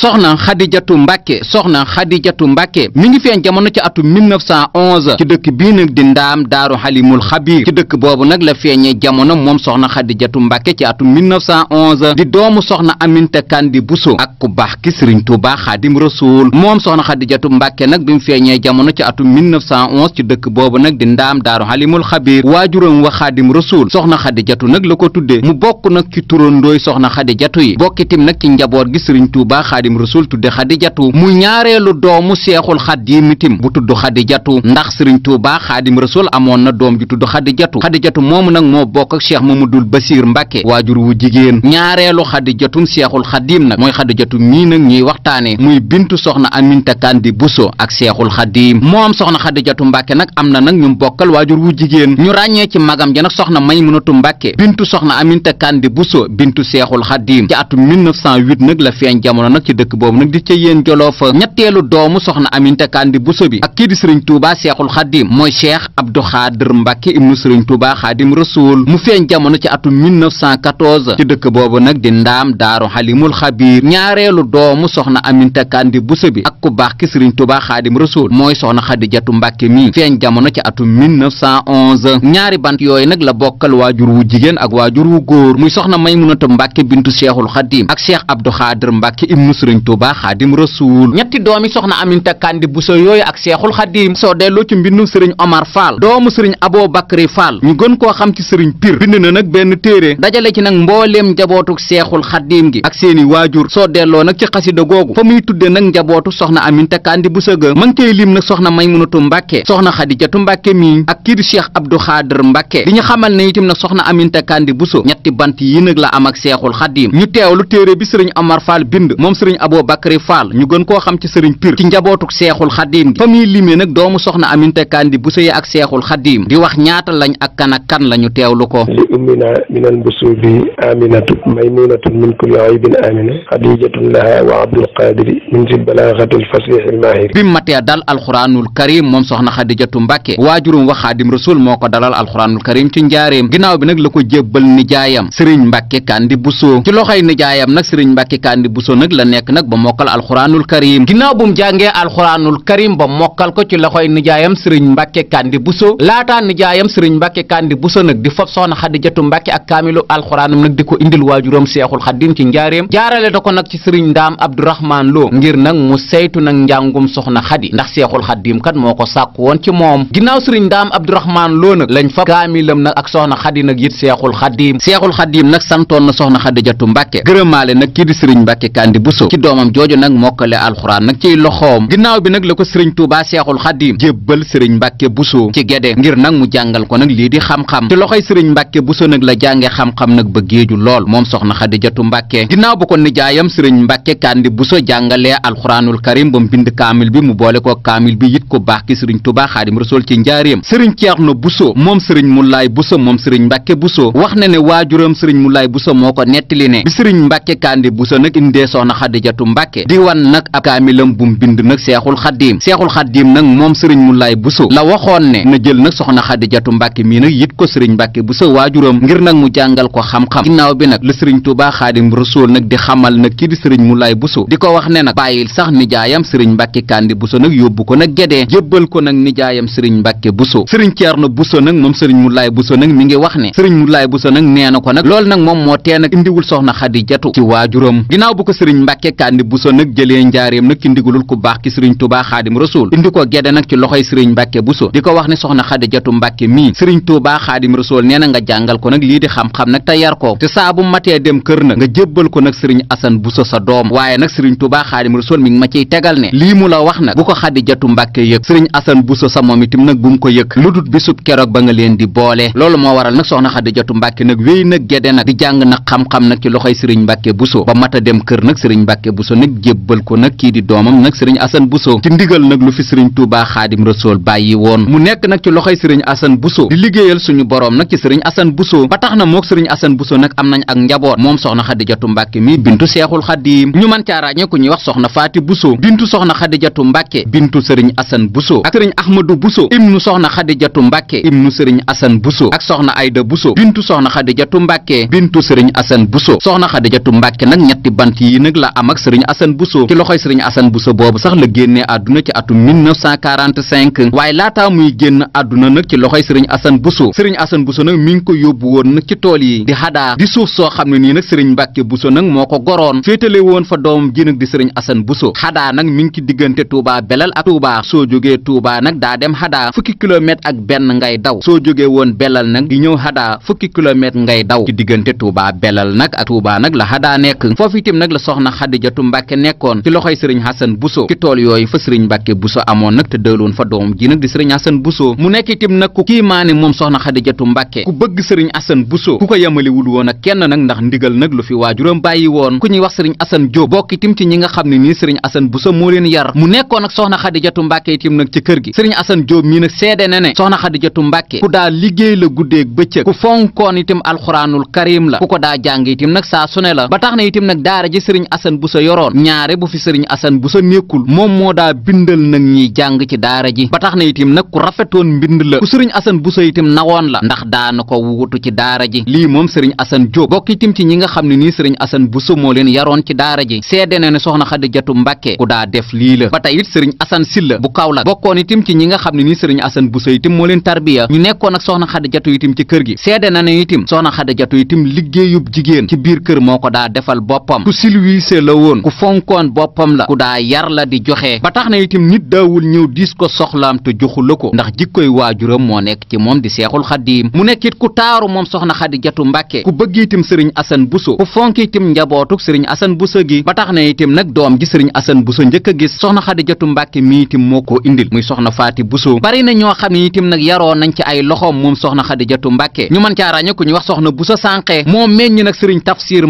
soxna xadijatu mbàkke soxna xadijatu mbàkke mi ngi feeñ jamono ci atu 1911 ci dëkk bii nag di ndaam daaru xalimul xabiir ci dëkk boobu nag la feeñee jamono moom soxna xadijatu mbàkke ci atu 1911 di doomu soxna aminta kandi buso ak ku baax ki sëriñ tuuba xaadim rasuul moom soxna xadijatu mbàkke nag bi mu feeñee jamono ci atu 1911 ci dëkk boobu nag di ndaam daaru xalimul xabiir waajuram wa xaadim rasuul soxna xadijatu nag la ko tuddee mu bokk nag ci turandooy soxna xadijatu yi bokkitim nag ci njaboot gi sëriñ tuuba xaadim rasul tudde xadijatu mu ñaareelu doomu seexul xaadim itim bu tudd xadijatu ndax sëriñ tuuba xaadim rasul amoon na doom ju tudd xadijatu xadijatu moomu nag moo bokk ak cheikh mamadul basir mbàkke waajur wu jigéen ñaareelu xadijatum seexul xaadim nag mooy xadijatu mii nag ñuy waxtaane muy bintu soxna aminta kandi buso ak seexul xaadim moom soxna xadijatu mbàkke nag am na nag ñu bokkal waajur wu jigéen ñu ràññee ci magam ja nag soxna maymunatu mbàkke bintu soxna aminta kandi buso bintu seexul xaadim ci atum 1908 nag la feeñ jamono nag ci dëkk boobu nag di ca yéen joloof ñetteelu doomu soxna am Kandi Bousso bi ak kii di Serigne Touba Cheikhoul Khadim mooy Cheikh Abdou Khadir Mbacke ibnu Serigne Touba Khadim Rasoul mu feeñ jamono ci atum 1914 ci dëkk boobu nag di ndaam daaru Halimul Khabir ñaareelu doomu soxna Aminta Kandi Bousso bi ak ku baax ki Serigne Touba Khadim Rasoul mooy soxna xadi Khadijatu Mbacke mi feeñ jamono ci atum 1911 ñaari bant yooyu nag la bokkal waajur wu jigéen ak waajur wu góor muy soxna Maymunatu Mbacke bintu Cheikhoul Khadim ak Cheikh Abdou Khadir Mbacke ibnu sëriñ Tuuba xaadim rasuul ñetti doomi soxna Aminta Kandi Bousso yooyu ak seexul xadim soo delloo ci mbindum sëriñ Omar Fall doomu sëriñ Abo Bakri Fall ñu gën koo xam ci sëriñ Pir bind na nag benn téere dajale ci nag mbooleem njabootuk seexul xadim gi ak seeni waajur soo delloo nag ci xasida googu fa muy tudde nag njabootu soxna Aminta Kandi Bousso ga ma ngi cay lim nag soxna Maymunatu Mbàkke soxna Xadijatu Mbàkke mi ak di Cheikh Abdou Xaadir Mbàkke di ñu xamal ne itam na soxna Aminta Kandi Bousso ñetti bant yi nag am ak seexul xadim ñu teewlu téere bi sëriñ Omar Fall bind moom sëriñ sëriñ Aboo Bakari Fall ñu gën koo xam ci sëriñ Pir ci njabootuk seexul xadiim gi fa muy limee nag doomu soxna Aminta Kandi Bousso yi ak seexul xadiim di wax ñaata lañ ak kanak kan lañu ñu teewlu ko li ummina minal busubi aminatu maymunatun min kulli aybin amina xadijatun laha wa abdul qadiri min si balaaxatil fasihil maahiri bi matee dal alxuraanul karim moom soxna xadijatu mbàkke waajurum wa xaadim rasul moo ko dalal alxuraanul karim ci njaareem ginnaaw bi nag la ko jébbal nijaayam sëriñ mbàkke kandi Bousso ci loxoy nijaayam nag sëriñ mbàkke kandi Bousso nag la nekk nekk nag ba mokkal alxuraanul karim ginnaaw bu mu jàngee alxuraanul karim ba mokkal ko ci loxoy nijaayam sëriñ mbàkke bu buso laataa nijaayam sëriñ mbàkke bu buso nag di fab soxna xadijatu mbàkke ak kaamilu alxuraanam nag di ko indil waajuram seexul xadim ci njaareem jaarale da ko nag ci sëriñ ndaam abdourahmaan loo ngir nag mu saytu nag njàngum soxna xadi ndax seexul xadim kat moo ko sàkk woon ci moom ginnaaw sëriñ ndaam abdourahmaan loo nag lañ fab kaamilam nag ak soxna xadi nag yit seexul xadim seexul xadim nag santoon na soxna xadijatu mbàkke gërëmaale nag kii di sëriñ mbàkke kandi buso ci doomam jooju nag mokkale alxuraan nag ciy loxoom ginnaaw bi nag la ko sëriñ Tuubaa Seexul Xadiim jébbal sëriñ Mbàkke Buso ci Gédé ngir nag mu jàngal ko nag lii di xam-xam ci loxoy sëriñ Mbàkke Buso nag la jànge xam-xam nag ba géeju lool moom soxna Xadijatu Mbàkke ginnaaw bu ko nijaayam sëriñ Mbàkke Kandi Buso jàngalee alxuraanul karim ba mu bind kaamil bi mu boole ko kaamil bi yit ko baax ki sëriñ Tuubaa Xaadim Rasuul ci njaareem sëriñ Ceerno Buso moom sëriñ Mulaay Buso moom sëriñ Mbàkke Buso wax na ne waajuram sëriñ Mulaay Buso moo ko nettali ne bi sëriñ Mbàkke Kandi Buso nag indee soxna Xadija Xadijatu Mbàkke di wan nag ab kaamilam bu mbind nag seexul xaddiim seexul xaddiim nag moom sëriñ Moulaye Bousso la waxoon ne na jël nag soxna Xadijatu Mbàkke mii nag yit ko sëriñ Mbàkke Bousso waajuram ngir nag mu jàngal ko xam-xam ginnaaw bi nag la sëriñ Tuubaa Xaadim Rasuul nag di xamal nag kii di sëriñ mu Moulaye Bousso di ko wax ne nag bàyyil sax nijaayam sëriñ Mbàkke Kandi Bousso nag yóbbu ko nag gedee jébbal ko nag nijaayam sëriñ Mbàkke Bousso sëriñ Ceerno Bousso nag moom sëriñ Moulaye Bousso nag mi ngi wax ne sëriñ Moulaye Bousso nag nee na ko nag loolu nag moom moo tee nag indiwul soxna Xadijatu ci waajuram mbàkke kandi buso nag jëlee njaareem nag ci ndigalul ku baax ki sëriñ tubaa xaadim rasul indi ko gedde nag ci loxoy sëriñ ko nee na nga jàngal ko nag lii di xam-xam nag te yar ko te saa bu matee dem kër nag nga jébbal ko nag sëriñ asan buso sa doom waaye nag sëriñ tubaa xaadim rasul mi ngi ma ciy tegal ne lii mu la wax nag bu ko xadijatu mbàkke yëg sëriñ asan buso sa moom itam nag bu mu ko yëg lu dut bisub keroog ba nga leen di boole loolu moo waral nag soxna xadijatu mbàkke nag wéy nag gedde nag di jàng nag xam-xam nag ci loxoy sëriñ mbàkke buso ba mata dem kër nag sëriñ mbàkke Mbàkke Buso nag jébbal ko nag kii di doomam nag sëriñ Asan Buso ci ndigal nag lu fi sëriñ Tuubaa Xaadim Rasuul bàyyi woon mu nekk nag ci loxoy sëriñ Asan Buso di liggéeyal suñu boroom nag ci sëriñ Asan Buso ba tax na mook sëriñ Asan Buso nag am nañ ak njaboot moom soxna Xadijatu Mbàkke mi bintu Seexul Xadiim ñu mën caa ràññee ku ñuy wax soxna Faati Buso bintu soxna Xadijatu Mbàkke bintu sëriñ Asan Buso ak sëriñ Ahmadu Buso ibnu soxna Xadijatu Mbàkke ibnu sëriñ Asan Buso ak soxna Ayda Buso bintu soxna Xadijatu Mbàkke bintu sëriñ Asan Buso soxna Xadijatu Mbàkke nag am ak sëriñ Assane Bousso ci loxoy sëriñ Assane Bousso boobu sax la génnee àdduna ci atum waaye laataa muy génn àdduna nag ci loxoy sëriñ Assane Bousso sëriñ Assane Bousso nag mi ngi ko yóbbu woon nag ci tool yi di xadaa di suuf soo xam ne nii nag sëriñ Mbàkke Bousso nag moo ko goroon féetale woon fa doomam ji nag di sëriñ Assane Bousso xadaa nag mi ngi ci diggante Touba Belal ak Touba soo jógee Touba nag daa dem xadaa fukki kilomètre ak benn ngay daw soo jógee woon Belal nag di ñëw xadaa fukki kilomètre ngay daw ci diggante Touba Belal nag ak nag la Xadijatu Mbàkke nekkoon ci loxoy sëriñ Xasan Buso ci tool yooyu fa sëriñ Mbàkke Buso amoon nag te dëloon fa doom ji nag di sëriñ Xasan Buso mu nekk itim nag ku kiimaane moom soxna Xadijatu Mbàkke ku bëgg sëriñ Xasan Buso ku ko yemaliwul woon ak kenn nag ndax ndigal nag lu fi waajuram bàyyi woon ku ñuy wax sëriñ Xasan Jóob bokk ci ñi nga xam ne nii sëriñ Xasan Buso moo leen yar mu nekkoon ak soxna Xadijatu Mbàkke itim nag ci kër gi sëriñ Xasan Jóob na la guddeeg bëccëg ku fonkoon itim alxuraanul karim la ku ko daa jàng itim nag Buso yoroon ñaare bu fi sëriñ Asan Buso nekkul moom moo daa bindal nag ñiy jàng ci daara ji ba tax na itim nag ku rafetoon mbind la ku sëriñ Asan Buso itim nawoon la ndax daa daana ko wuutu ci daara ji lii moom sëriñ Asan Jóob bokk itim ci ñi nga xam ne nii sëriñ Asan Buso moo leen yaroon ci daara ji seede na ne soxna Xadijatu Mbàkke ku daa def lii la ba tey it sëriñ Asan la bu Kaolack bokkoon itim ci ñi nga xam ne nii sëriñ Asan bu itim moo leen tarbiya ñu nekkoon ak soxna Xadijatu itim ci kër gi seede na ne itim soxna Xadijatu itim liggéeyub jigéen ci biir kër moo ko daa defal woon ku fonkoon boppam la ku daa yar la di joxe ba tax na itam nit daawul ñëw diis ko soxlaam te joxu la ko ndax jikkoy waajuram moo nekk ci moom di seexul xaddiim mu nekk it ku taaru moom soxna xadi jatu mbàkke ku bëgg itam sëriñ asan buso ku fonk itam njabootuk sëriñ asan buso gi ba tax na itam nag doom ji sëriñ asan buso njëkk a gis soxna xadi jatu mbàkke mi itam moo ko indil muy soxna faati buso bari na ñoo xam ne itam nag yaroo nañ ci ay loxoom moom soxna xadi jatu mbàkke ñu mën caa ràññe ku ñu wax soxna buso sànqe moo meññ nag sëriñ tafsir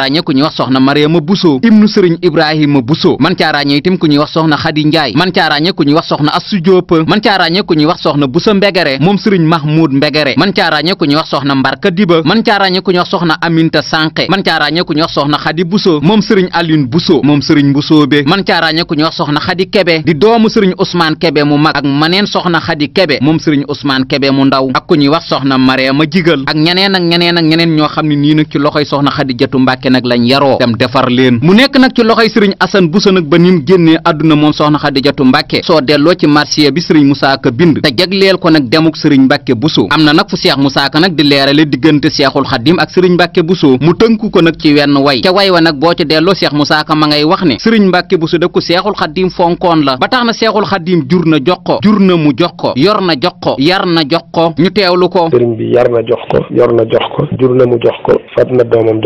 ràññee ku ñuy wax soxna Mariama Bousso ibnu sëriñ Ibrahima Bousso man caa ràññee itam ku ñuy wax soxna Khady Ndiaye man caa ràññee ku ñuy wax soxna Assu Diop man caa ràññee ku ñuy wax soxna Bousso Mbegere moom sëriñ Mahmoud Mbegere man caa ràññee ku ñuy wax soxna Mbarka Diba man caa ràññee ku ñuy wax soxna Aminta Sànqe man caa ràññee ku ñuy wax soxna Khady Bousso moom sëriñ Aline Bousso moom sëriñ Bousso be man caa ràññee ku ñuy wax soxna Khady Kebe di doomu sëriñ Ousmane Kebe mu mag ak maneen soxna Khady Kebe moom sëriñ Ousmane Kebe mu ndaw ak ku ñuy wax soxna Mariama Jigal ak ñeneen ak ñeneen ak ñeneen ñoo xam ne nii nag ci loxoy soxna Khady Jatu Mbàkke Mbàkke nag lañ yaroo dem defar leen mu nekk nag ci loxoy sëriñ Asan Buso nag ba ni mu génnee àdduna moom soxna Xadijatu Mbàkke soo delloo ci marché bi sëriñ Musaa Ka bind te leel ko nag demuk sëriñ Mbàkke Buso am na nag fu Seex Musaa Ka nag di leerale diggante Seexul Xadim ak sëriñ Mbàkke Buso mu tënk ko nag ci wenn way ca way wa nag boo ci delloo Seex Musaa ma ngay wax ne sëriñ Mbàkke Buso da ko Seexul Xadim fonkoon la ba tax na Seexul Xadim jur na jox ko jur na mu jox ko yor na jox ko yar na jox ko ñu teewlu ko yar na jox ko yor na jox ko jur na mu jox ko fat na doomam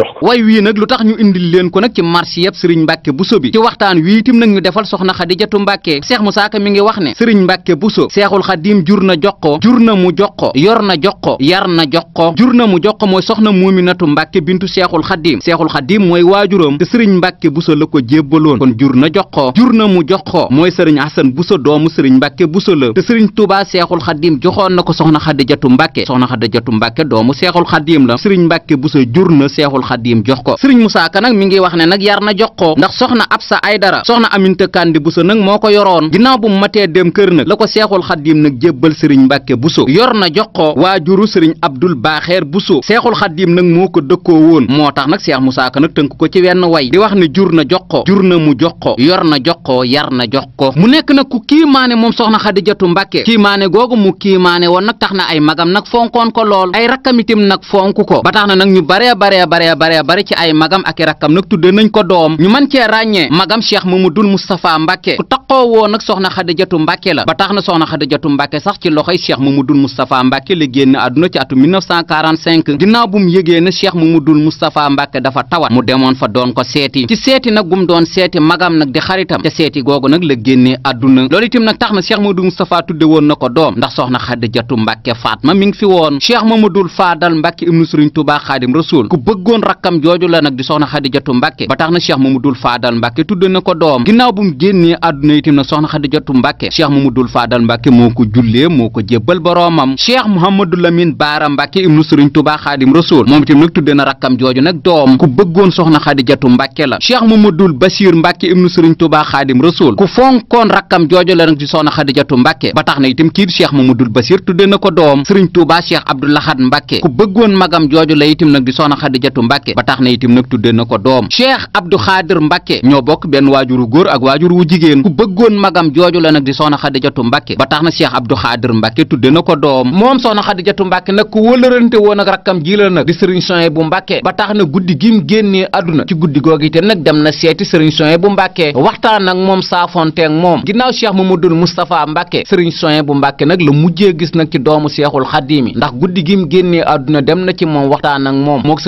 nag lu tax ñu indil leen ko nag ci marché yëpp sëriñ Mbàkke Buso bi ci waxtaan wi nag ñu defal soxna Xadijatu Mbàkke Seex Musaa Ka mi ngi wax ne sëriñ Mbàkke Buso Seexul Xadiim jur na jox ko jur na mu jox ko yor na jox ko yar na jox ko jur na mu jox ko mooy soxna Muuminatu Mbàkke bintu Seexul Xadiim Seexul Xadiim mooy waajuram te sëriñ Mbàkke Buso la ko jébbaloon kon jur na jox ko jur na mu jox ko mooy sëriñ Asan Buso doomu sëriñ Mbàkke Buso la te sëriñ Tuubaa Seexul Xadiim joxoon na ko soxna Xadijatu Mbàkke soxna Xadijatu Mbàkke doomu Seexul Xadiim la sëriñ Mbàkke Buso jur na Seexul Xadiim jox ko ko sëriñ Moussa Ka nag mi ngi wax ne nag yar na jox ko ndax soxna Absa Aydara soxna Aminta Kandi Bousso nag moo ko yoroon ginnaaw bu mu matee dem kër nag la ko seexul xaddiim nag jébbal sëriñ Mbàkke Bousso yor na jox ko waajuru sëriñ Abdul Baaxeer Bousso seexul xaddiim nag moo ko dëkkoo woon moo tax nag seex Moussa Ka nag tënk ko ci wenn way di wax ne jur na jox ko jur na mu jox ko yor na jox ko yar na jox ko mu nekk nag ku kiimaane moom soxna Xadijatu Mbàkke kiimaane googu mu kiimaane woon nag tax na ay magam ay rakkamitim nag fonk ko ba ay magam ak i rakkam nag tudde nañ ko doom ñu mën cee ràññee magam cheikh mamadul moustapha mbàkke ku taqoo woon nag soxna xadijatu mbàkke la ba tax na soxna xadijatu mbàkke sax ci loxoy cheikh mamadul moustapha mbàkke la génn àdduna ci atum 1945 ginnaaw bu mu yëgee ne cheikh mamadul moustapha mbàkke dafa ko seeti ci seeti nag gum doon seeti magam nag di xaritam te seeti googu nag la génnee àdduna loolu na cheikh mamadul moustapha tudde woon na ko doom ndax soxna xadijatu mbàkke faatma mi ngi fi woon cheikh mamadul faadal mbàkke ibnu sëriñ tuubaa xaadim rasuul ku bëggoon rakkam jooju la nag di soxna xadijatu mbàkke ba tax na cheikh mamadul faadal mbàkke tudde na ko doom ginnaaw bu mu génnee àdduna itam nag soxna xadijatu mbàkke cheikh mamadul faadal mbàkke moo ko jullee moo ko jébbal boroomam cheikh mouhamadou lamin baara mbàkke ibnu sëriñ tubaa xaadim rasul moom itam nag na rakkam jooju nag doom ku bëggoon soxna xadijatu mbàkke la cheikh mamadul basir mbàkke ibnu sëriñ tubaa xaadim rasul ku fonkoon rakkam jooju la nag di soxna xadijatu mbàkke ba tax na itam kii cheikh mamadul basir tudde na ko doom sëriñ tubaa cheikh abdoulahad mbàkke ku bëggoon magam jooju la nag di soxna xadijatu mbàkke ba tax na itim nag tudde na ko doom cheikh abdou xaadir mbàkke ñoo bokk benn waajuru góor ak waajur wu jigéen ku bëggoon magam jooju la nag di soxna xadijatu mbàkke ba tax na cheikh abdou xaadir mbàkke tudde na ko doom moom soxna xadijatu mbàkke nag ku wëlërante woon ak rakkam ji la nag di sëriñ soye bu mbàkke ba tax na guddi gim génnee àdduna ci guddi googu itam nag dem na seeti sëriñ soye bu mbàkke waxtaan ak moom saafonteeg moom ginnaaw cheikh mamadul moustapha mbàkke sëriñ soye bu mbàkke nag la mujjee gis nag ci doomu seexul xadimi ndax guddi gim génnee àdduna dem na ci moom waxtaan ak moom mook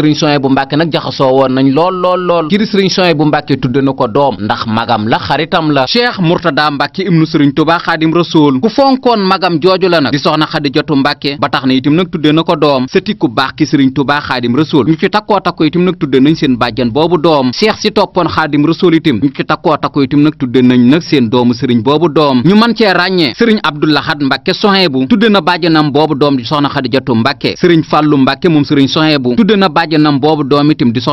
jaxasoo woon nañ lool lool lool kiri sëriñ Souhaïbou Mbàkke tudde na ko doom ndax magam la xaritam la Cheikh Mourtada Mbàkke ibnu sëriñ Tuubaa Xaadim Rasuul ku fonkoon magam jooju la na di soxna Xadijatu Mbàkke ba tax na itam nag tudde na ko doom sëti ku baax ki sëriñ Tuubaa Xaadim Rasuul ñu ci takkoo takko itam nag tudde nañ seen bàjjan boobu doom Cheikh si toppoon Xaadim Rasuul itam ñu ci takkoo takko itam nag tudde nañ nag seen doomu sëriñ boobu doom ñu man cee ràññee sëriñ Abdou na bàjjanam boobu doom di soxna Xadijatu Mbàkke sëriñ Fàllu Mbàkke moom sëriñ Souhaïbou tudde na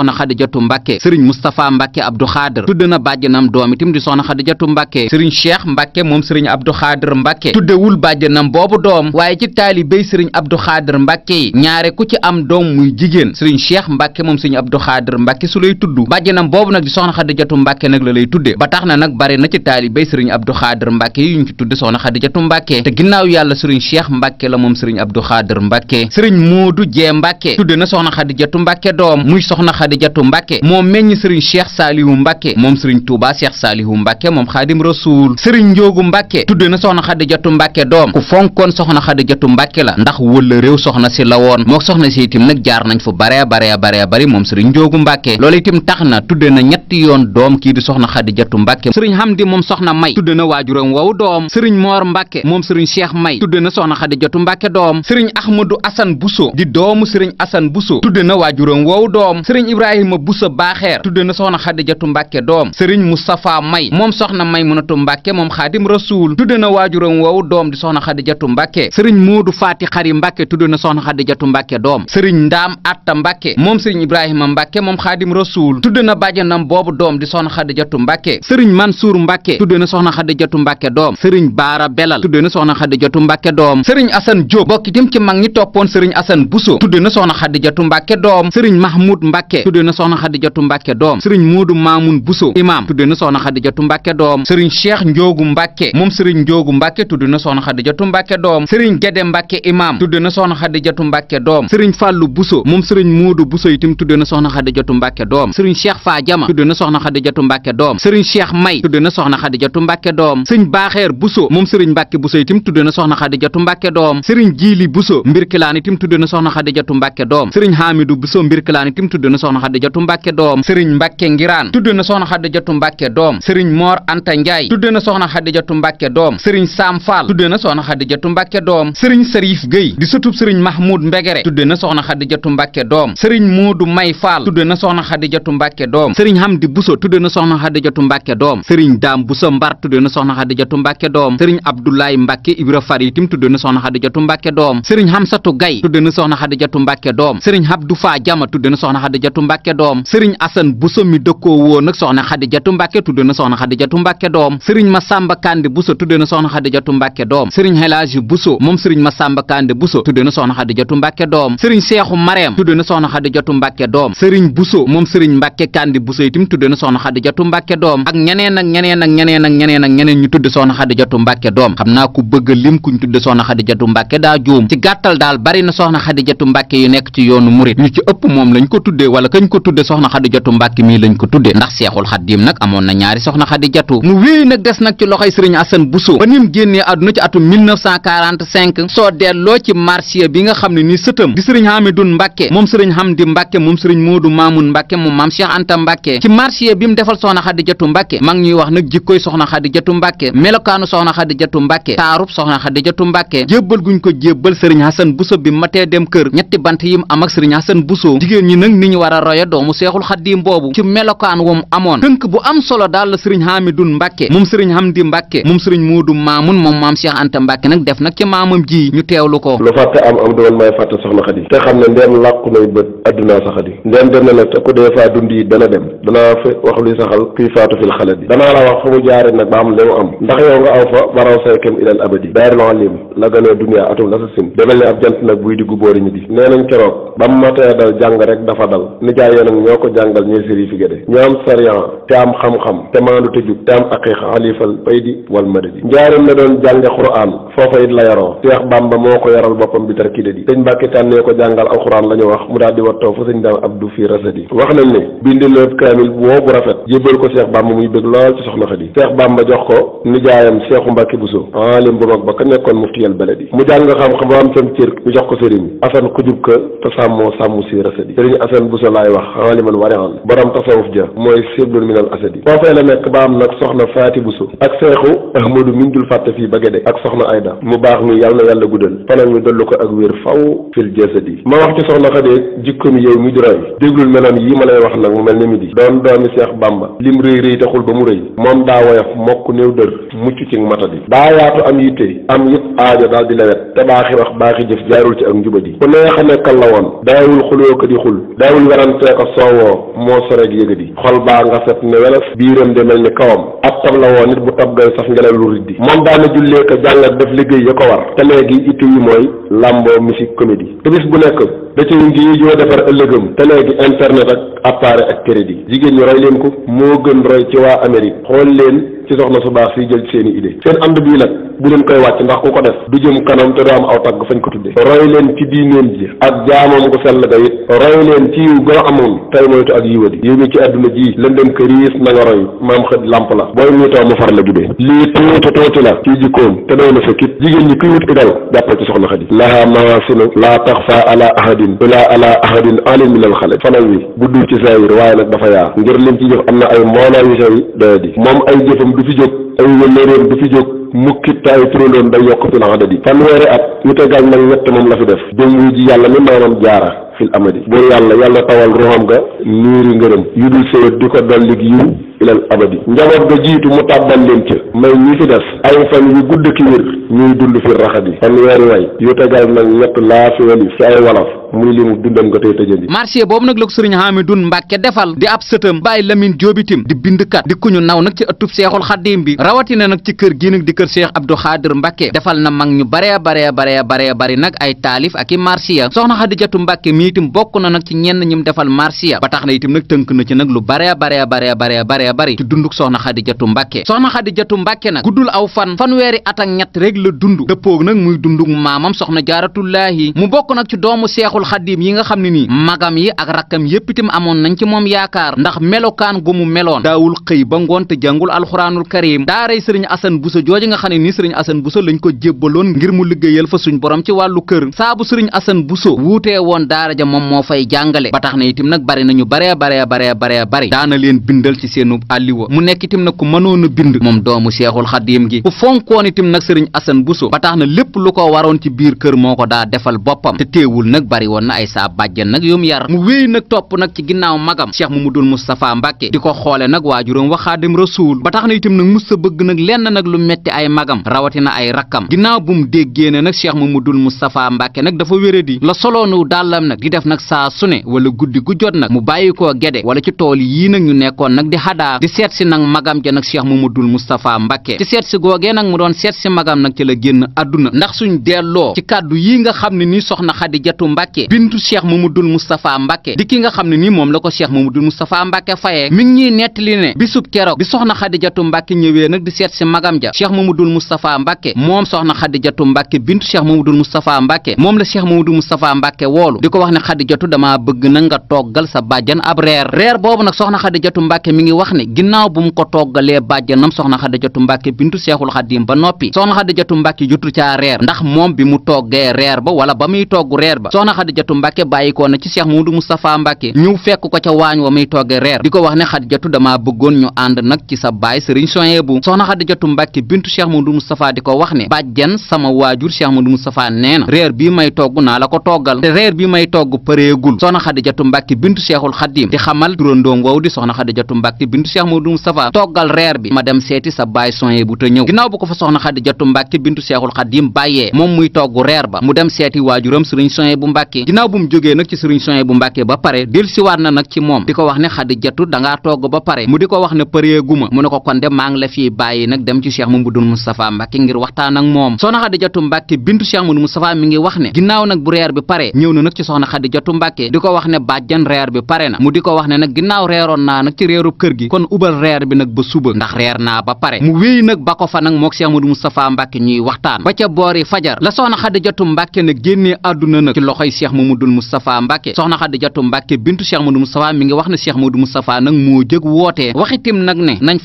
soxna xadijatu mbàkke sëriñ mustapha mbàkke abdu xaadir tudd na bàjjanam doom itam di soxna xadijatu mbàkke sëriñ cheikh mbàkke moom sëriñ abdu xaadir mbàkke tuddewul bàjjanam boobu doom waaye ci taalibey sëriñ abdu xaadir mbàkke ku am doom muy jigéen sëriñ cheikh mbàkke moom sëriñ abdu xaadir mbàkke su lay tudd bàjjanam boobu nag di soxna xadijatu mbàkke nag la lay tudde ba tax na nag bare na ci taalibey sëriñ abdu xaadir mbàkke yi ñu ci tudde soxna xadijatu mbàkke te ginnaaw yàlla sëriñ cheikh mbàkke la moom sëriñ abdu xaadir mbàkke sëriñ moodu jee mbàkke tudde na soxna xadijatu mbàkke doom muy soxna xadi Xadijatu Mbàkke moom meññ sëriñ Cheikh Saalihu Mbàkke moom sëriñ Tuuba Cheikh Saalihu Mbàkke moom Xaadim Rasuul sëriñ Njoogu Mbàkke tudde na soxna Xadijatu Mbàkke doom ku fonkoon soxna Xadijatu Mbàkke la ndax wëla réew soxna si la woon moo soxna si itam nag jaar nañ fu bare bare bare bari moom sëriñ Njoogu Mbàkke loolu itam tax na tudde na ñetti yoon doom kii di soxna Xadijatu Mbàkke sëriñ Hamdi moom soxna May tudde na waajuram wowu doom sëriñ Moor Mbàkke moom sëriñ Cheikh May tudde na soxna Xadijatu Mbàkke doom sëriñ Ahmadu Asan Buso di doomu sëriñ Asan Buso Ibrahima Boussa Baaxeer tudde na soxna Xadijatu Mbàkke doom Serigne Moustapha May moom soxna May Munatu Mbàkke moom Xaadim Rasuul tudde na waajuram woowu doom di soxna Xadijatu Mbàkke Serigne Moodu Faati Xari Mbàkke tudde na soxna Xadijatu Mbàkke doom Serigne Ndaam Atta Mbàkke moom Serigne Ibrahima Mbàkke moom Xaadim Rasuul tudde na bàjjanam boobu doom di soxna Xadijatu Mbàkke Serigne Mansuur Mbàkke tudde na soxna Xadijatu Mbàkke doom Serigne Baara Belal tudde na soxna Xadijatu Mbàkke doom Serigne Asan Jóob bokk itam ci mag ñi toppoon Serigne Asan Buso tudde na soxna Xadijatu Mbàkke doom Serigne Mahmoud Mbàkke Touré tudde na soxna Xadijatu Mbàkke doom sëriñ Muudu Maamun Buso imaam tudde na soxna Xadijatu Mbàkke doom sëriñ Cheikh Njoogu Mbàkke moom sëriñ Njoogu Mbàkke tudde na soxna Xadijatu Mbàkke doom sëriñ Gede Mbàkke imaam tudde na soxna Xadijatu Mbàkke doom sëriñ Fàllu Buso moom sëriñ Muudu Buso itam tudde na soxna Xadijatu Mbàkke doom sëriñ Cheikh Faa Jama tudde na soxna Xadijatu Mbàkke doom sëriñ Cheikh May tudde na soxna Xadijatu Mbàkke doom sëriñ Baaxeer Buso moom sëriñ Mbàkke Buso itam tudde na soxna Xadijatu Mbàkke doom sëriñ Jiili Buso mbir kilaan itam tudde na soxna Xadijatu Mbàkke doom sëriñ Haamidu Buso mbir kilaan itam tudde na soxna soxna xadda jatu mbàkke doom sëriñ mbàkke ngiraan tudd na soxna xadda jatu mbàkke doom sëriñ moor anta njaay tudd na soxna xadda jatu mbàkke doom sëriñ saam faal tudd na soxna xadda jatu mbàkke doom sëriñ sërif géy di sëtub sëriñ mahmoud mbegere tudd na soxna xadda jatu mbàkke doom sëriñ muudu may faal tudd na soxna xadda jatu mbàkke doom sëriñ hamdi buso tudd na soxna xadda jatu mbàkke doom sëriñ daam buso mbar tudd na soxna xadda jatu mbàkke doom sëriñ abdoulaye mbàkke ibra far yitim tudd na soxna xadda jatu mbàkke doom sëriñ hamsatu gay tudd na soxna xadda jatu mbàkke doom sëriñ habdu faa jama tudd na soxna xadda jatu Mbàkke doom sëriñ Asan Buso mi dëkkoo woon ak soxna Xadijatu Mbàkke tudd na soxna Xadijatu Mbàkke doom sëriñ Masàmba Kande Buso tudd na soxna Xadijatu Mbàkke doom sëriñ Buso moom sëriñ Masàmba Kande Buso tudd na soxna Xadijatu Mbàkke doom doom ak ñeneen ak ñeneen ak ñeneen ak ñeneen ñu tudd soxna Xadijatu Mbàkke doom xam naa ku bëgg lim kuñ tudd soxna Xadijatu Mbàkke daa juum ci gàttal daal bari na soxna Xadijatu Mbàkke yu nekk ci yoonu murit ñu ci ëpp moom lañ ko kañ ko tudde soxna xadijatu mbàkke mii lañ ko tudde ndax seexul xaddiim nag amoon na ñaari soxna xadijatu mu wéy nag des nag ci loxoy sëriñ asan buso ba nim génnee àdduna ci atum 1945 soo delloo ci marché bi nga xam ne ni sëtam di sëriñ hamidun mbàkke moom sëriñ hamdi mbàkke moom sëriñ moodu maamun mbàkke moom maam cheikh anta mbàkke ci marché bi mu defal soxna xadijatu mbàkke mag ñuy wax nag jikkoy soxna xadijatu mbàkke melokaanu soxna xadijatu mbàkke taarub soxna xadijatu mbàkke jébbal guñ ko jébbal sëriñ hasan buso bi matee dem kër ñetti bant yim am ak sëriñ hasan buso jigéen ñi nag ni ñu war a roya doomu seexul xaddiim boobu ci melokaan wum amoon tënk bu am solo daal la sëriñ Hamidun Mbàkke moom sëriñ Hamdi Mbàkke moom sëriñ Muudu Maamun moom maam Cheikh Mbàkke nag def nag ci maamam ko lu fàtte am am doon may fàtte soxna xadi te xam ne ndeem làqu nay bët addunaa sa xadi ndeem dem na nag te ku dee faa dund yi dana dem danaa fi wax luy saxal kuy faatu fil xalat yi danaa mu am ndax yow nga aw fa baraw say kem ilal abadi daaril alim la ganee duniyaa atum la sa demel ne ab jant nag buy diggu boori ñi di nee keroog ba mu matee dal jàng rek dafa dal ni nijaayeenam ñoo ko jàngal ñooy sérifié de ñoo am sariyan te am xam-xam te maandu te jub te am aqiqa xalifal faydi wal madadi njaareem la doon jànge quran foofa it la yaroo seex bamba moo ko yaral boppam bi tarkide di sëñ mbàkke tànnee ko jàngal alquran la ñu wax mu daal di wattoo fa sëñ daam abdu fi rasadi wax nañ ne bind na kaamil woo rafet jébbal ko seex bamba muy bëgg lool ci soxna xadi seex bamba jox ko nijaayam seexu mbàkke buso ba ka nekkoon muftiyal baladi mu jàng xam-xam am sam cër ñu jox ko sëriñ asan xujub ka te sàmmoo sàmm laay wax xaali man warexan borom tasawuf ja mooy siblul minal asadi foofee la nekk ba am nag soxna faati buso ak seexu ahmadu min dul fàtte fii ba géde ak soxna ayda mu baax mi yàlla na yàlla guddal fanam ñu dollu ko ak wér faw fil jasadi ma wax ci soxna xadee jikkoom yow mi duray déglul melam yi ma lay wax nag mu mel ni midi doon doomi seex bàmba lim rëy rëy taxul ba mu rëy moom daa woyof mokk néew dër mucc ci matadi daa yaatu am yitte am yëpp aajo ci ak njubadi ku neex a nekkal la woon santee ko soowoo moo soreeg yëgadi xol baa nga set ne welas biiram de mel ni kawam ab tab la woo nit bu tab gay sax ngelaw lu riddi moom daana jullee ko jàngat def liggéey ya ko war te léegi itti yi mooy làmboo musique comédie te bis bu nekk da ciy ngi joo defar ëllëgam te léegi internet ak appareil ak crédit jigéen ñi roy leen ko moo gën roy ci waa Amérique xool leen ci soxna su baax si jël seen i seen ànd bii nag bu leen koy wàcc ndax ku ko def du jëm kanam te du am aw tagg fañ ko leen ci a amoon la booy muutoo mu far la jubee jëf am na ay mbooloo say doye moom ay jëfam du fi jóg ay wëllëreem du fi jóg mukkit taayu turandoom day yokk fi la adadi fanweeri at yu tegaaj nag ñett moom la fi def dem wuy ji yàlla mi maamam jaara fil amadi boo yàlla yàlla tawal roxam ga niiri ngërëm yu dul sëwét di ko dollig yiw ilal abadi njaboot ga jiitu mu tàbbal leen ci may ñi fi des ay fan yu gudd ki wér ñuy dund fi raxadi fanweeri way yu tegaaj nag ñett laa fi wali si ay walaf muy limu dundam nga tey tëjandi marché boobu nag la ko sëriñ Hamidun Mbàkke defal di ab sëtam bàyyi Lamine Jóobitim di bind kat ku ñu naw nag ci ëttub seexul xaddiim bi rawatina nag ci kër gii nag di kër Cheikh Abdou Xaadir Mbàkke defal na mag ñu baree baree baree baree bari nag ay taalif ak i marsiya soxna Xadijatu Mbàkke mi itam bokk na nag ci ñenn ñim defal marsiya ba tax na itam nag tënk na ci nag lu baree baree baree baree baree bari ci dunduk soxna Xadijatu Mbàkke soxna Xadijatu Mbàkke nag guddul aw fan fanweeri at ñett rek la dund dëppoog nag muy dunduk maamam soxna Jaaratullaahi mu bokk nag ci doomu seexul xaddiim yi nga xam ne nii magam yi ak rakkam yépp amoon nañ ci moom yaakaar ndax melokaan gu mu meloon daawul xëy ba ngoon te jàngul alxuraanul karim daaray sëriñ asan buso jooju nga xam ne nii sëriñ asan buso lañ ko jébbaloon ngir mu liggéeyal fa suñ borom ci wàllu kër saabu sëriñ asan buso wuutee woon daara ja moom moo fay jàngale ba tax na itam nag bari nañu baree baree baree baree bari daana leen bindal ci seenu àlliwa mu nekk itam nag ku mënoon a bind moom doomu seexul xaddiim gi ku fonkoon itam nag sëriñ asan buso ba tax na lépp lu ko waroon ci biir kër moo ko daa defal boppam woon na ay saa bàjjan nag yum yar mu wéy nag topp nag ci ginnaaw magam cheikh mamadul moustapha mbàkke di ko xoole nag waajuram wa xaadim rasuul ba tax na itam nag musta bëgg nag lenn nag lu metti ay magam rawatina ay rakkam ginnaaw bu mu déggee ne nag cheikh mamadul moustapha mbàkke nag dafa wéradi la soloonu dàllam nag di def nag saa su ne wala guddi gu jot nag mu bàyyi ko gede wala ci tool yii nag ñu nekkoon nag di xadaa di seet si nag magam ja nag cheikh mamadul moustapha mbàkke ci seet si googee nag mu doon seet si magam nag ci la génn àdduna ndax suñ delloo ci kàddu yi nga xam ne ni soxna Mbacke bintu Cheikh Mamadou Moustapha Mbacke di ki nga xam ne nii moom la ko Cheikh Mamadou Moustapha Mbacke fayee mi ngi ñuy nettali ne bisub keroog bi soxna Xadijatu Mbacke ñëwee nag di seet si magam ja Cheikh Mamadou Moustapha Mbacke moom soxna Xadijatu Mbacke bintu Cheikh Mamadou Moustapha Mbacke moom la Cheikh Mamadou Moustapha Mbacke woolu di ko wax ne Xadijatu dama bëgg na nga toggal sa bàjjan ab reer reer boobu nag soxna Xadijatu mbakke mi ngi wax ne ginnaaw bu mu ko toggalee bàjjanam soxna Xadijatu Mbacke bintu Seexul Xadim ba noppi soxna Xadijatu Mbacke jotu caa reer ndax moom bi reer ba wala ba muy togg reer Xadijatu Mbàkke bàyyikoo na ci Cheikh Muudu Moustapha Mbàkke ñëw fekk ko ca waañ wa muy togge reer di ko wax ne Xadijatu dama bëggoon ñu ànd nag ci sa baay Sëriñ Soyebu soxna Xadijatu Mbàkke bintu Cheikh Muudu Moustapha di ko wax ne bàjjen sama waajur Cheikh Muudu Moustapha nee na reer bii may togg naa la ko toggal te reer bi may togg pareegul soxna Xadijatu Mbàkke bintu Cheikhul Xadim di xamal turandoom woow di soxna Xadijatu Mbàkke bintu Cheikh Muudu Moustapha toggal reer bi ma dem seeti sa baay Soyebu te ñëw ginnaaw bu ko fa soxna Xadijatu Mbàkke bintu Cheikhul Xadim bàyyee moom muy togg reer ba mu dem seeti waajuram Sëriñ Soyebu Mbàkke Mbàkke ginnaaw bu mu jógee nag ci sëriñ Sohaybu bu Mbàkke ba pare dellusiwaat na nag ci moom di ko wax ne Xadijatu dangaa togg ba pare mu di ko wax ne pareeguma mu ne ko kon de maa ngi la fii bàyyi nag dem ci Cheikh Mamadou Moustapha Mbàkke ngir waxtaan moom soxna Xadijatu Mbàkke bintu Cheikh Mamadou Moustapha mi ngi wax ne ginnaaw nag bu reer bi pare ñëw na nag ci soxna Xadijatu Mbàkke di ko wax ne bàjjan reer bi pare na mu di ko wax ne nag ginnaaw reeroon naa nag ci reerub kër kon bi nag ba suba naa ba pare mu nag ba ko fa nag mook Cheikh Mamadou Moustapha Mbàkke ñuy waxtaan ba ca boori fajar la soxna Xadijatu Mbàkke nag génnee àdduna nag cheikh mamadul moustapha mbàkke soxna xadijatu mbàkke bintu cheikh mamadul moustapha mi ngi wax ne cheikh mamadul moustapha nag moo jëg wootee waxitim nag ne nañ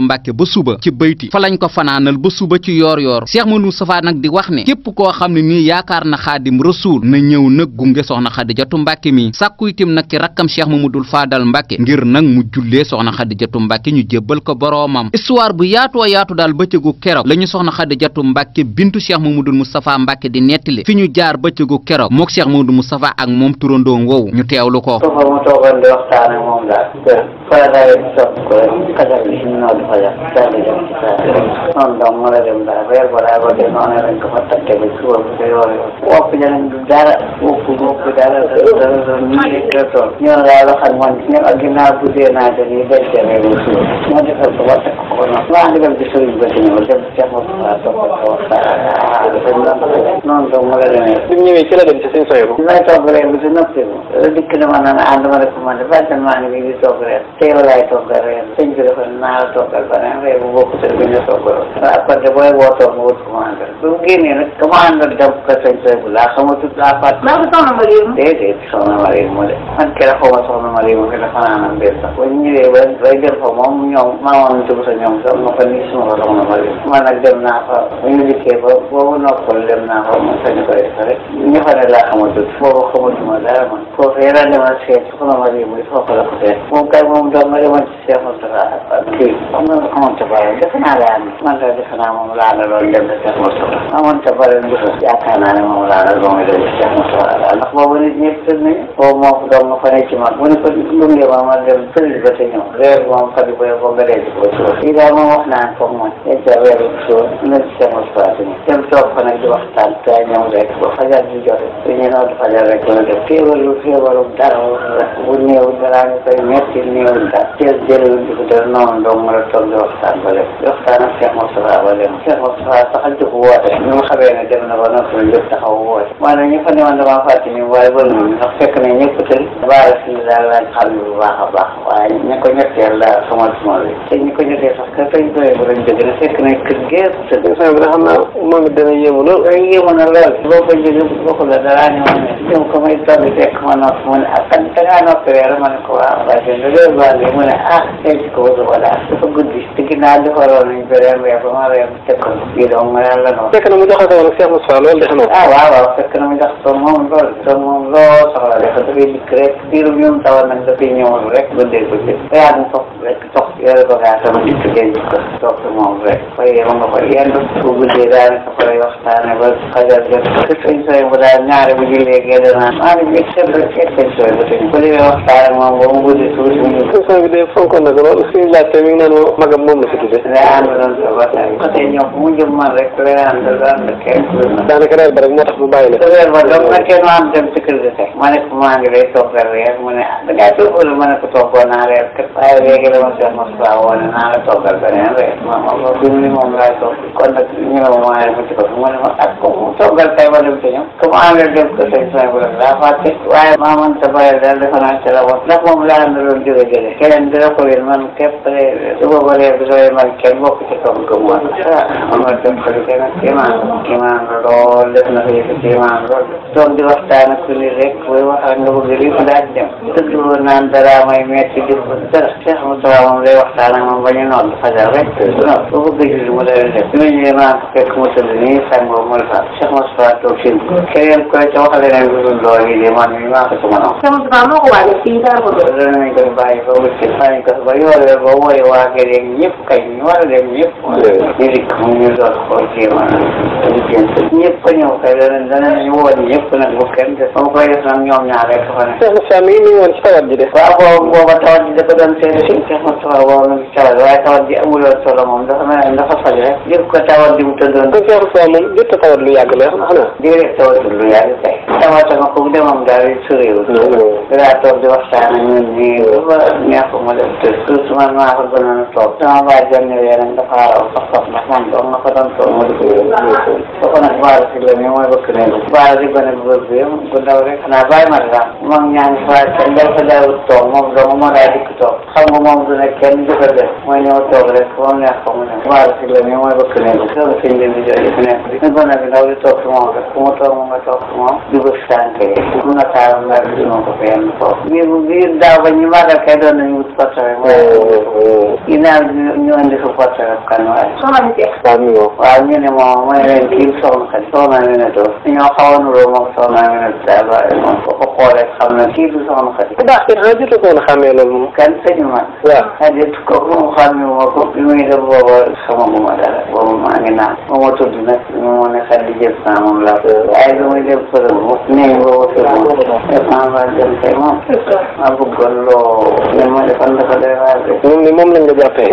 mbàkke ba suba ci bayti fa lañ ko fanaanal ba suba di wax ne koo xam ne na xaadim rasuul na ñëw nag gunge soxna xadijatu mbàkke mi sàkku itim nag ci rakkam cheikh mamadul faadal mbàkke ngir nag mu jullee soxna xadijatu mbàkke ñu jébbal ko boroomam histoire bu yaatoo yaatu daal bëccëgu keroog la ñu soxna xadijatu mbàkke bintu cheikh mamadul moustapha mbàkke di nettali fi ñu jaar bëccëgu keroog keroog mook Cheikh Modou Moustapha ak moom turandoom woowu ñu teewlu ko. mu toogoon di waxtaan ak moom daal. fële naa leen sotti ko xasal bi ñu noonu fa def daal di dem ci saa yi. noonu donc mën a dem daal weer balaa ko dee noonu lañ ko fa takke ba suba bu a du dara. wopp wopp dara dara dara dara ñu ngi lay toog. ñoo a mu ñëwee dem ci suñ soybu bi may togg reer bi di noppilu dikk na ma naan ànd ma ne ko man de bàjjan maa ngi di togg reer te yow laay toggal reer sëñ bi dafa naa la toggal beneen reer bu bokk te bi nga toggalo waaw kon de booy woo toog nga wut ko ma àndal bu génnee nag ka ma àndal dem ko sëñ soybu laa xamatut laa fàtt maa ko soxna Mariam déedéet soxna Mariam moo ma soxna Mariam fi dafa naanam mbir sax bu ñu ñëwee ba bay jël fa moom ñoom maa moom tubu ma fa nii suma ko soxna Mariam man nag dem naa fa bu ñu dikkee ba boobu noppal dem naa fa moom sañu dara laa xamatul boobu xamatuma dara man foofu yeneen dama seet soxna ma di muy foofu la ko seet moom kay moom doom ma demoon ci Cheikh Moustapha kii amoon amoon tabare defe naa laa ni man daal defe naa moom laa na doon dem na Cheikh Moustapha amoon tabare ndufa yaakaar naa ne moom laa na doon dem ci Cheikh Moustapha daal ndax boobu nit ñëpp tëdd nañu boobu moo ko doom ma fa ne ci man mu ne ko gunge ma ma dem pëlis ba te ñëw réer moom fa di koy ba nga dee ci ko suur eh, lii daal moom wax naa ko moom denca weeru suur na Cheikh Moustapha dem toog fa nag di waxtaan te ñëw rek ba fajar di jot li ñu naan fajar rek la def feebaru feebaru dara la bu néew dara ñu koy metti néew dara teel jëlewul di ko def noonu dong mën a toog di waxtaan ba léegi di waxtaan ak Cheikh Moustapha ba léegi Cheikh Moustapha sax a jóg woote ñu mu xamee ne dem na ba noppi la jóg taxaw woote maanaam ñu fa ne woon damaa fàtte ni waaye ba noonu ndax fekk na ñëpp tël baara si daal laaj xam bu baax a baax waaye ñu ko ñetteel la xamal suma bi te ñu ko ñetteel sax ka fañ koy bu lañ jóge na fekk na kër géer tëdd xam naa moom it dana yéemu lool ay yéemu na lool boo fa jóge boo ko darani ɗum ko mi toɓi de kono mun kadi tagano opérére man ko wawateno ɗo balli mune a eji ko woto waɗa ko guddi tiginalde horono berembe koma rem tekkol ɓiɗo mo allah noon fekkno mi doka kono cheikh mousfa lol dehno a wawa fekkno mi doka ton mom lol ton mom lo sohlade ko toɓi dikk rek tirum yum tawanan toɓi ñowru rek gudde gudde yaɗum fof rek tok yere boga tama dikkude jikko tokto mom rek koye wongo ko yendu ko gudde dani ko koye waxtane ba fajar jot ko soñ soy mo dani ñaare bu jullee gee da naan ah bi seet la seet seen sooy ba tey bu dee waxtaan moom ba mu guddi suuf si mu. sooy bi de fonk na ko lool suñu laajte mi ngi naan magam moom la fi tuddee. daanaka doon sa bataay ba tey ñoom bu mu jëm man rek la daan da daan da kenn daanaka reer ba rek moo tax mu bàyyi la. reer ba doom na kenn am dem ci kër ga tey. ma ne ko maa ngi lay toggal reer mu ne ah da ngaa toog wala ma ne ko toggoon naa reer kat waaye léegi la ma seet ma saa woon naa la toggal beneen reer ma ma ma du mu ni moom laay togg kon nag ñu ne ma maa ngi ko ci ko mu ne ma ak ko mu toggal tey ma dem ci ñoom maa ngi dem ko teg saa bu la fàtte waaye maa mënta bàyyi daal defe naa la woon ndax moom laa na doon jóge jële keneen dina ko leen man képp ree su booba ree bi sooy man kenn bokk ci kaw gëm woon ama dem ko di kenn kiimaan kiimaan la lool def na ko yëfi kiimaan lool toog di waxtaan ak rek booy wax nga bëgg lépp dem tëdd woon may metti di ko dara Cheikh Moustapha moom lay waxtaan ak moom bañu nodd rek non bu bëgg julli mu day def ñu ñëwee maa ko fekk mu tëdd nii sangoo mu la ngeen koy ca wax leneen lu dul lool yi man mii maa ko ci mën a wax. sama tubaab moo ko waajal fii dara ko doon. loolu nañ ko bàyyi ba wut ci nañ ko ba yore ba wooye waa kër yeeg ñëpp kay ñu war a dem ñëpp. ñu dikk mu ñu doon ko jéem a ñëpp ko ñëw kay danañ danañ woon ñëpp nag bu kenn des. ba mu koy def nag ñoom ñaar rek fa ne. Cheikh Moussa mi ngi woon ci tawat ji de. waaw boobu booba tawat ji dafa doon seet si. Cheikh Moussa boobu nag tawat waaye tawat ji amuloon solo moom dafa mel ne dafa faj rek. yëpp ko tawat ji mu tëddoon. kon Cheikh Moussa moom jot a tawat lu yàgg la xam nga. déedéet tawat lu yàlla kay sama sama kooku demam daal di soriwul. daa toog di waxtaan ak ñun nii ba neexu ma def te surtout man maa ko gënoon a toog. sama baaj benn weer nag dafa faf ndax man doom nga ko doon toog ma di ko yóbbu. kooku nag baalu si la nii mooy bëgg nañ ko. baalu di gën a bëgg bi bu ndaw rek xanaa bàyyi ma dara. moom ñaa ngi faa kenn dafa fa daawut toog moom dong moo daa dikk toog. xam nga moom du ne kenn du ko def. mooy ñëw toog rek moom neex ko mu ne. baalu si la nii mooy bëgg nañ ko. loolu si njëriñ li jooju fi nekk. nit ku nekk ndaw di toog si moom rek ku mu toog moom nga toog kooku moom du bës tànk yi bu nataaru nga gis ma ko fenn foofu biir biir daaw ba ñu magal kay doon nañu wut portrait waaye ginnaaw ñu indi ko portrait kan waaye soxna bi waaw ñu ne moom mooy leen kii soxna kan soxna mi ne doo ñoo xawanuloo moom soxna mi ne daal waaye moom boo ko xoolee xam na kii du soxna kan ndax kenn jotu ko woon xamee loolu moom kan sëñu man waaw xajat kooku mu xàmme ma ko bi muy def booba xamaguma dara boobu maa ngi naan moom ma tudd nag moom ne xaddi jëf naa moom laa waaye deftol muslim o wotimo e fambal jante mum ma buggollo minmo ɗe fanda ko ɗerade ɗum ni moom lañ la jàppe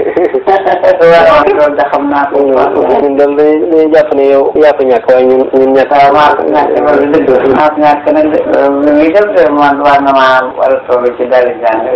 waɗolde xam naa ko ñun dal dañuy jàpp ne yow yaa ko ñàkk waaye ñun ñun ñàkk waaw maa ko ñàkk wala dëgg maa ko ñàkk nag mi def de man war na maa war a toll ci dali jàng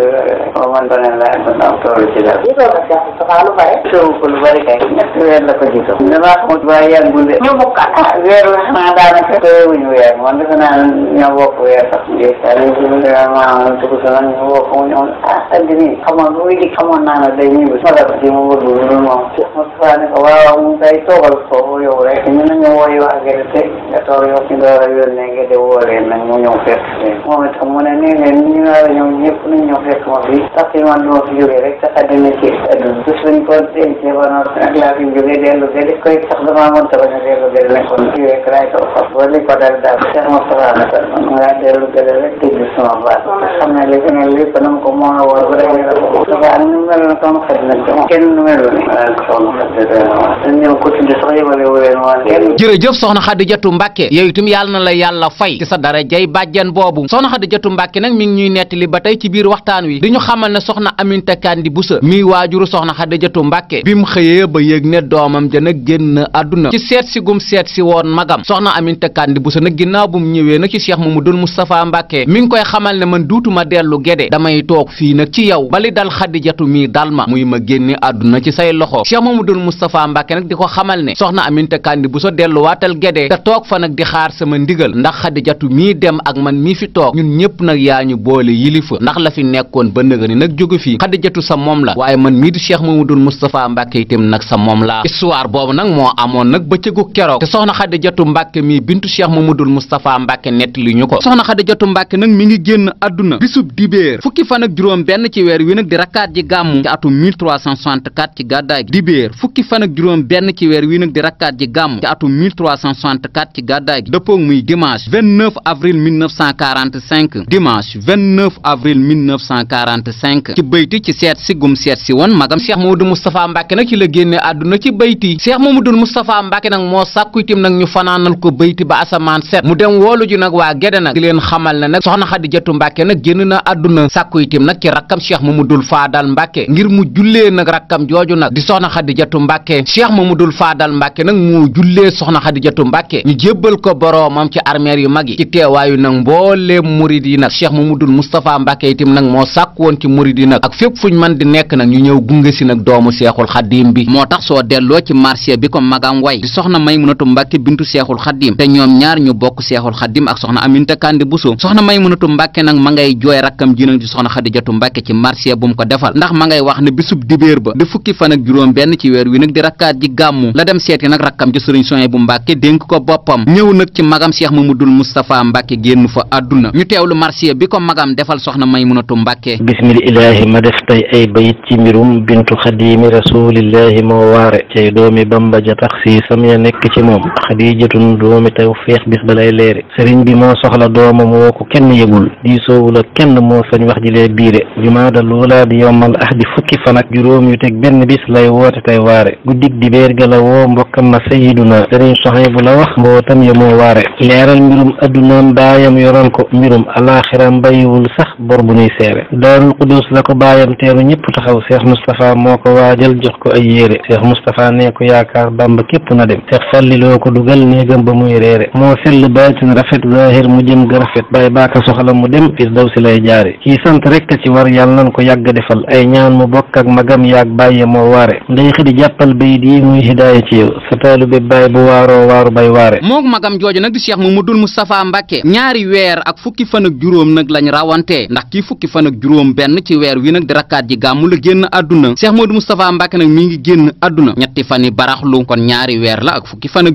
o man donen la dona toll ci dal lu bare sowu ko lu bari kay ñetti weer la ko jiitu damaa xamut waaye yàggul de ñu bukka weer la xanaa daanaka teewuñu weer man defe naa ñoo bokk weer sax bi c'est-à-dire que vraiment dugg sama ñu bokk mu ñëw ah andi nii xamoon bu muy dikk xamoon naa ne day ñibbi sama def si mu bëgg lu dul moom Moustapha ne ko waaw mu day toogal foofu yow rek ñu ne ñu woo yow ak gerte nga toog yow si door a yónnee nga de woo leen nag mu ñëw fekk moom itam mu ne nee leen ñu war a ñëw ñëpp nañ ñëw fekk ma fi sax si man du ma fi jógee rek sax dina ci àdduna bis suñ ko dencee ba noonu nag laa fi jógee dellu de def koy sax damaa mënta bañ a dellu de nekkoon ci rek laay toog fas ba li ko dal daal Cheikh Moustapha Moussa man maa dellu na soxna Khady Diagne waaw. dañ yàlla na la yàlla fay ci sa dara jay bàjjen boobu soxna Khady Diatou Mbacke nag mi ngi ñuy nettali ba tey ci biir waxtaan wi di ñu xamal ne soxna Aminta Kandi Boussa mi waajuru soxna Khady Diatou Mbacke bi mu xëyee ba yëg ne doomam ja génn àdduna ci seet si gum seet si woon magam soxna Aminta Kandi Boussa nag ginnaaw bu mu ñëwee nag ci cheikh mamadul moustapha mbàkke mi ngi koy xamal ne man duutuma dellu gede damay toog fii nag ci yow bali dal xadijatu mii dal ma muy ma génne àdduna ci say loxo cheikh mamadul moustapha mbàkke nag di ko xamal ne soxna aminta kandi bu so delluwaatal gede toog fa nag di xaar sama ndigal ndax xadijatu mii dem ak man mii fi toog ñun ñëpp nag yaa ñu boole yilifa ndax la fi nekkoon ba nëga ni nag jóge fii jatu sa moom la waaye man mii di cheikh mamadul moustapha mbàkke itam nag sa moom la histoire boobu nag moo amoon nag bëccëgu keroog te soxna xadijatu mbàkke mii bintu cheikh Mouhamadul Moustapha Mbacke nettali ñu ko soxna Xadijatu Mbacke nag mi ngi génn àdduna bisub dibéer fukki fan ak juróom benn ci weer wi nag di rakkaat ji gàmmu ci atum 1364 ci gàddaay gi dibéer fukki fan ak juróom benn ci weer wi nag di rakkaat ji gàmmu ci atum 1364 ci gàddaay gi dëppoog muy dimanche avril 1945 avril ci bayti ci seet si gum seet si woon magam Cheikh Mamadou Moustapha Mbacke nag ci la génne àdduna ci bayti Cheikh Mamadou Moustapha Mbacke nag moo sàkku nag ñu fanaanal ko bayti ba asamaan 1967 mu dem woolu ju nag waa Gede nag di leen xamal na nag soxna Xadijatu Mbàkke nag génn na àdduna sàkku itim nag ci rakkam Cheikh Mamadul Faadal Mbàkke ngir mu jullee nag rakkam jooju nag di soxna Xadijatu Mbàkke Cheikh Mamadul Faadal Mbàkke nag mu jullee soxna Xadijatu Mbàkke ñu jébbal ko boroomam ci armeer yu mag yi ci teewaayu nag mbooleem murid yi nag Cheikh Mamadul Moustapha Mbàkke itim nag moo sàkku woon ci murid yi nag ak fépp fuñ man di nekk nag ñu ñëw gunge si nag doomu Seexul Xadiim bi moo tax soo delloo ci marché bi ko magam way di soxna Maymunatu Mbàkke bintu Seexul ñu bokk seexul xadim ak soxna Aminta Kandi Bousso soxna Maymunatu Mbàkke nag ma ngay jooy rakkam ji nag di soxna Xadijatu Mbàkke ci marché bu mu ko defal ndax ma ngay wax ne bisub dibéer ba di fukki fa ak juróom benn ci weer wi nag di rakkaat ji gàmmu la dem seeti nag rakkam ji sëriñ Sohaybu Mbàkke dénk ko boppam ñëw nag ci magam Cheikh Mamadul Moustapha Mbàkke génn fa àdduna ñu teewlu marché bi ko magam defal soxna Maymunatu Mbàkke bismillaahi ma def tey ay bayit ci mbirum bintu xadimi rasulillahi moo gis ba lay bi moo soxla doomam woo ko kenn yëgul diisoowul ak kenn moo sañ wax ji lee biire jumaada luulaa bi yowmal ahdi fukki fan ak juróom yu teg benn bis lay woote tey waare guddig di béer ga la woo mbokkam ma sayiduna sëriñ Sohaybu la wax mbootam ya moo waare leeral mbirum addunaam baayam yoral ko mbirum alaaxiram bàyyiwul sax bor bu nuy seere daarul qudus la ko baayam teeru ñëpp taxaw Cheikh Moustapha moo ko waajal jox ko ay yére Cheikh Moustapha nee ko yaakaar Bamba képp na dem Cheikh Falli loo ko dugal néegam ba muy réere sell baatin rafet zahir mu jëm ga rafet bay baaka soxla mu dem firdawsi lay jaare kii sant rekk ci war yàlla nan ko yàgg defal ay ñaan mu bokk ak magam yaag bàyye moo waare nday xidi jàppal bay di muy hidaaya ci sa taalu bi bay bu waaroo waaru bay waare mook magam jooju nag di cheikh mamadul moustapha mbàkke ñaari weer ak fukki fan ak juróom nag lañ rawante ndax kii fukki fan ak juróom benn ci weer wi nag di rakkaat ji gàmmu la génn àdduna cheikh mamadou moustapha mbàkke nag mi ngi génn àdduna ñetti fani baraxlu kon ñaari weer la ak fukki fan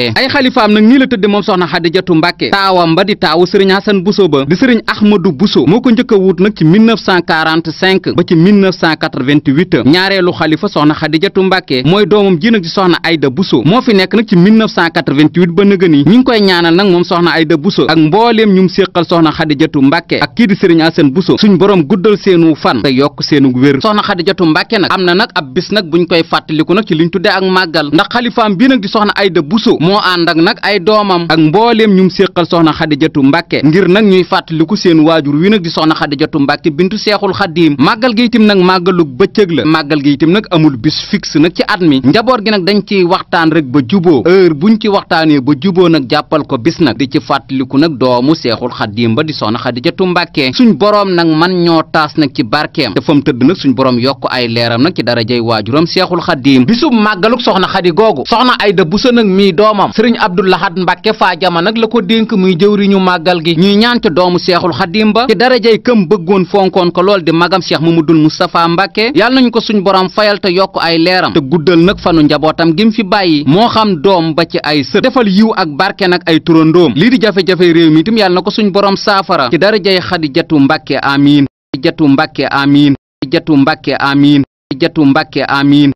loolee ay xalifaam nag nii la tëdde moom soxna xadijatu mbàkke taawam ba di taawu sëriñ Hasan Buso ba di sëriñ Ahmadu Buso moo ko njëkk a wuut nag ci ba ci ñaareelu xalifa soxna xadijatu mbàkke mooy doomam ji nag di soxna Ayda Buso moo fi nekk nag ci 1988 ba nëgë ni ñi ngi koy ñaanal nag moom soxna Ayda Buso ak mbooleem ñu mu séqal soxna xadijatu mbàkke ak kii di sëriñ Hasan Buso suñ borom guddal seenu fan te yokk seenu wér soxna xadijatu mbàkke nag am na nag ab bis nag buñ koy moo ànd ak nag ay doomam ak mbooleem ñum séqal soxna xadijatu mbàkke ngir nag ñuy fàttaliku seen waajur wi nag di soxna xadijatu mbàkke bintu seexul xadiim màggal gi itam nag màggalug bëccëg la màggal gi itam nag amul bis fixe nag ci at mi njaboot gi nag dañ ciy waxtaan rek ba juboo bu buñ ci waxtaanee ba juboo nag jàppal ko bis nag di ci fàttaliku nag doomu seexul xadiim ba di soxna xadijatu mbàkke suñ boroom nag man ñoo taas nag ci barkeem te fam tëdd nag suñ boroom yokk ay leeram nag ci darajay waajuram seexul xadiim bisub màggalug soxna xadi googu soxna doomam sëriñ Abdou Lahad Mbacke Fadiama nag la ko dénk muy jëwriñu màggal gi ñuy ñaan ci doomu seexul xadim ba ci darajay këm bëggoon fonkoon ko lool di magam mu mamadul moustapha mbakke yàlla nañu ko suñ borom fayal te yokk ay leeram te guddal nag fanu njabootam gim fi bàyyi moo xam doom ba ci ay sët defal yiw ak barke nag ay turandoom lii di jafe-jafe réew mi itam yàlla na ko suñ boroom saafara ci darajay xadijatu Mbacke amiin xadijatu Mbacke amiin xadijatu Mbacke amiin xadijatu Mbacke amiin